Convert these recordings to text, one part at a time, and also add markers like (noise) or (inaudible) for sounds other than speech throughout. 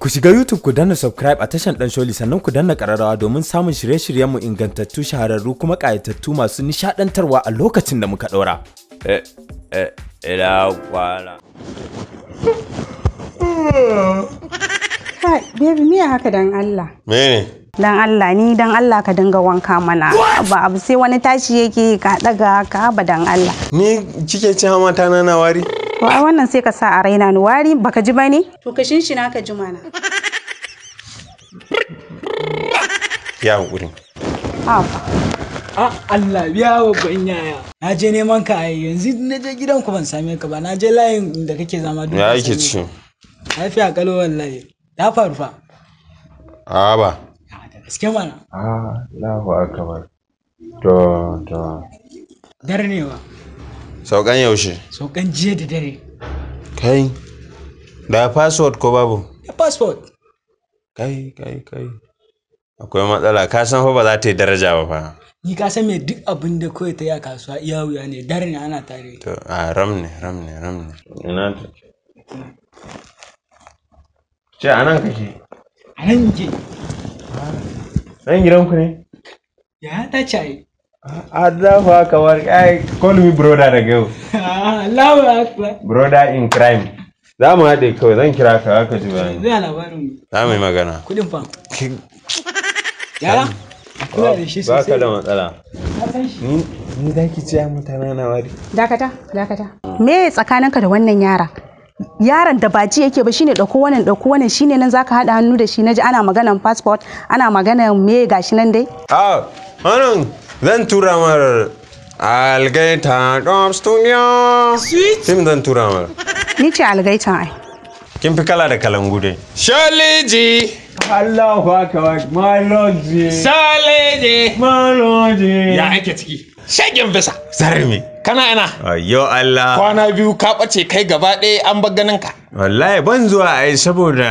Ku shiga YouTube ku danna subscribe a tashan Dan Sholi sannan ku danna ƙararrawa domin samun shirye-shiryenmu ingantattu shahararru kuma ƙayatattu masu nishaɗantarwa a lokacin da muka ɗora. Eh, eh, ila Kai, baby me haka dan Allah? Me ne. Dan Allah ni dan Allah ka dinga wanka mana. Ba abu sai wani tashi yake ka daga ka ba dan Allah. Ni kike ce hamata na na wari? to a wannan sai ka sa a raina ni wari baka ji bane to ka shinshina ka ji mana ya hankuri a Allah biya wa banyaya na je neman ka ai yanzu na je gidan ku ban same ka ba na je layin da kake zama duk ya yake ci lafiya kalo wallahi ya faru fa a ba gaske mana a ah, Allahu akbar to to wa. saukan yaushe saukan jiya da dare kai da password ko babu da password kai kai kai akwai matsala ka san fa ba za ta yi daraja ba fa ni ka san me duk abin da kawai ta yi a kasuwa iya wuya ne dare ne ana tare to a ram ne ram ne ram ne ina ta ce a nan kake a nan ke nan gidanku ne ya ta ce Allahu akbar ai call me brother da gau ah, Allahu akbar brother in crime za mu haɗe kawai zan kira ka haka ji bayani zai labarin za mu yi magana kudin fa yara kula da da matsala ni za ki ciya mutane na wari dakata dakata me tsakaninka da wannan yara yaron da ba ji yake ba shine dauko wannan dauko wannan shine nan zaka hada hannu da shi naji ana maganan passport ana maganan me gashi nan dai a ah, wannan zan tura mar algaita dom studio fim zan tura mar ni ce algaita a kin fi kala da kalangu dai shaliji Allahu akbar my lord shaliji my lord ya ake ciki shagin bisa zarmi kana ina yo Allah kwana biyu ka bace kai gaba ɗaya an bar ganin wallahi ban zuwa ai saboda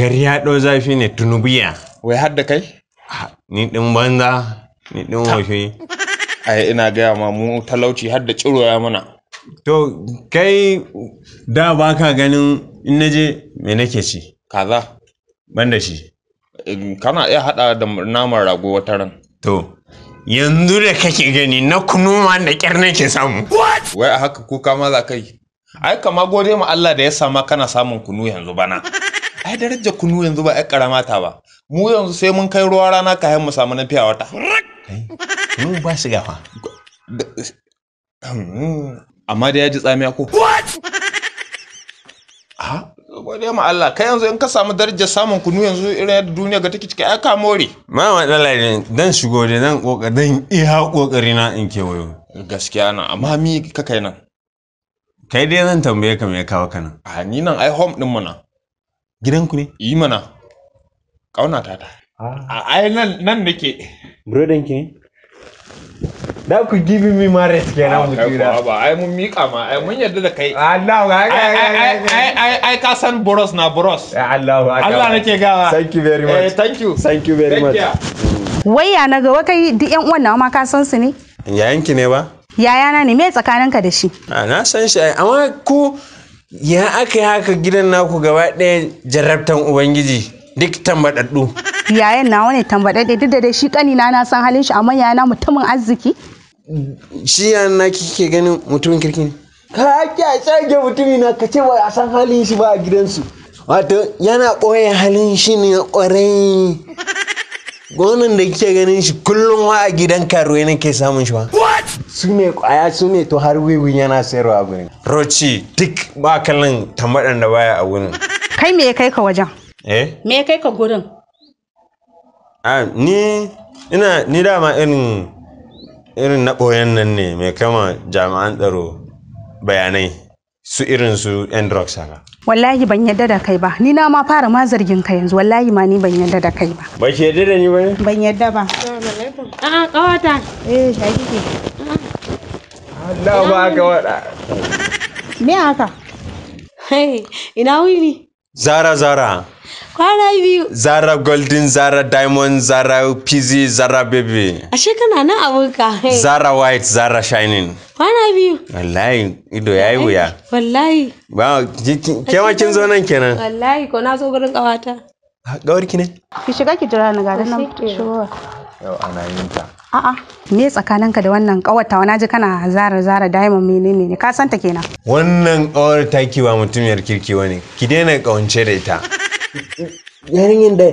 gari ya ɗo zafi ne tunubiya wai har da kai ah, ni ɗin banza ni din washe ai ina gaya ma mu talauci har da ciro ya mana to kai da ba ka ganin in naje me nake ci kaza ban da shi kana iya hada da naman rago wata ran to yanzu da kake gani na ma da kyar nake samu wai a haka kuka ma za kai ai kama gode ma Allah da ya sama kana samun kunu yanzu bana (laughs) ai darajar kunu yanzu ba ai karamata ba mu yanzu sai mun kai ruwa rana kayan mu samu na fiya wata Eh, kai mu ba shi gafa amma da ya ji tsamiya ko What? ha ah, gode ma Allah kai yanzu in ka samu darajar samun kunu yanzu irin yadda duniya ga take cike ai ka more ma matsala ne dan shigo da nan kokarin iya kokari na in ke wayo. gaskiya na amma mi ka kai nan kai dai zan tambaye ka me kawo ka nan a ah, ni nan ai home din mana ku ne yi mana kauna ta ta ah. a ai nan nan nake Burodin ki? Da ku give me marriage kenan mutu da. Ba ai mun mika ma ai mun yarda da kai. Allah ga ga ai ai ai ka san boros na boros. Allah ga. Allah nake gawa. Thank you very eh, much. Eh thank you. Thank you very much. Waya na ga wakai duk yan uwan nawa ma ka san su ne? Yayanki ne ba? Yayana ne me tsakaninka da shi? na san shi amma ku ya aka yi haka gidan naku gaba ɗaya jarrabtan ubangiji duk tambaɗaɗɗu. yayan nawa ne tambaɗaɗɗe duk da dai shi ƙanina na san halin shi amma yana mutumin arziki shi yayan na kike ganin mutumin kirki ne ka ake a tsage mutumi na ka ce ba a san halin shi ba a gidansu wato yana ɓoye halin shi ne ƙwarai gonan da kike ganin shi kullum wa a gidan karuwa ne ke samun shi ba su ne kwaya su ne to har wiwi yana sayarwa a gurin roci duk ba kallon tamadan da baya a gurin kai me ya kai ka wajen eh me ya kai ka gurin ni ina ni dama irin irin na ɓoyen nan ne mai kama jami'an tsaro bayanai su irin su yan drugs haka wallahi ban yadda da kai ba ni na ma fara ma zargin ka yanzu wallahi ma ni ban yadda da kai ba ba ki yadda da ni ba ne ban yadda ba a'a kawata eh ta ke. Allah ba ka wada me haka hey ina wuni zara zara Kwana biyu. Zara Golden, Zara Diamond, Zara PZ, Zara Baby. Ashe kana nan abinka. Zara White, Zara Shining. Kwana biyu. Wallahi ido ya yi wuya. Wallahi. Ba ke kin zo nan kenan. Wallahi ko na zo gurin kawata. Gawar ki ne? Ki shiga ki jira ni ga nan shigowa. Yau ana yin ta. A'a, me tsakaninka da wannan kawata wani ji kana zara zara diamond menene ne ka santa kenan. Wannan kawar takiwa mutumiyar kirki wani. Ki daina kawance da ita. yarinyar da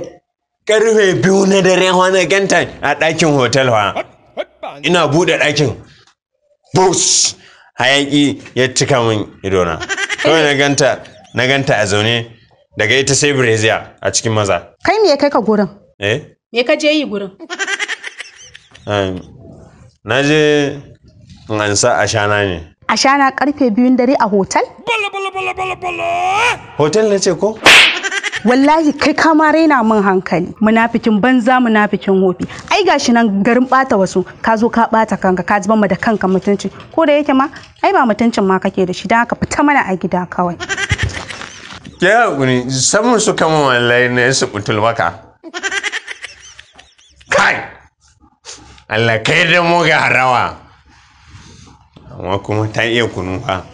karfe biyu na dare wani ganta a ɗakin hotel wa ina buɗe ɗakin bus hayaki ya cika min idona kawai na ganta na ganta a zaune daga ita sai breziya a cikin maza kai me ya kai ka gurin eh me ka je yi gurin na je ansa shana ne A shana karfe biyun dare a hotel bala bala bala bala bala hotel na ce ko wallahi kai ka ma raina min hankali munafikin banza munafikin hofi ai gashi nan garin bata wasu ka zo ka bata kanka ka zama da kanka mutunci ko da yake ma ai ba mutuncin ma kake da shi dan haka fita mana a gida kawai ke hakuri samun su kama wallahi ne su kutul maka kai Allah kai da mu ga harawa amma kuma ta iya kunu fa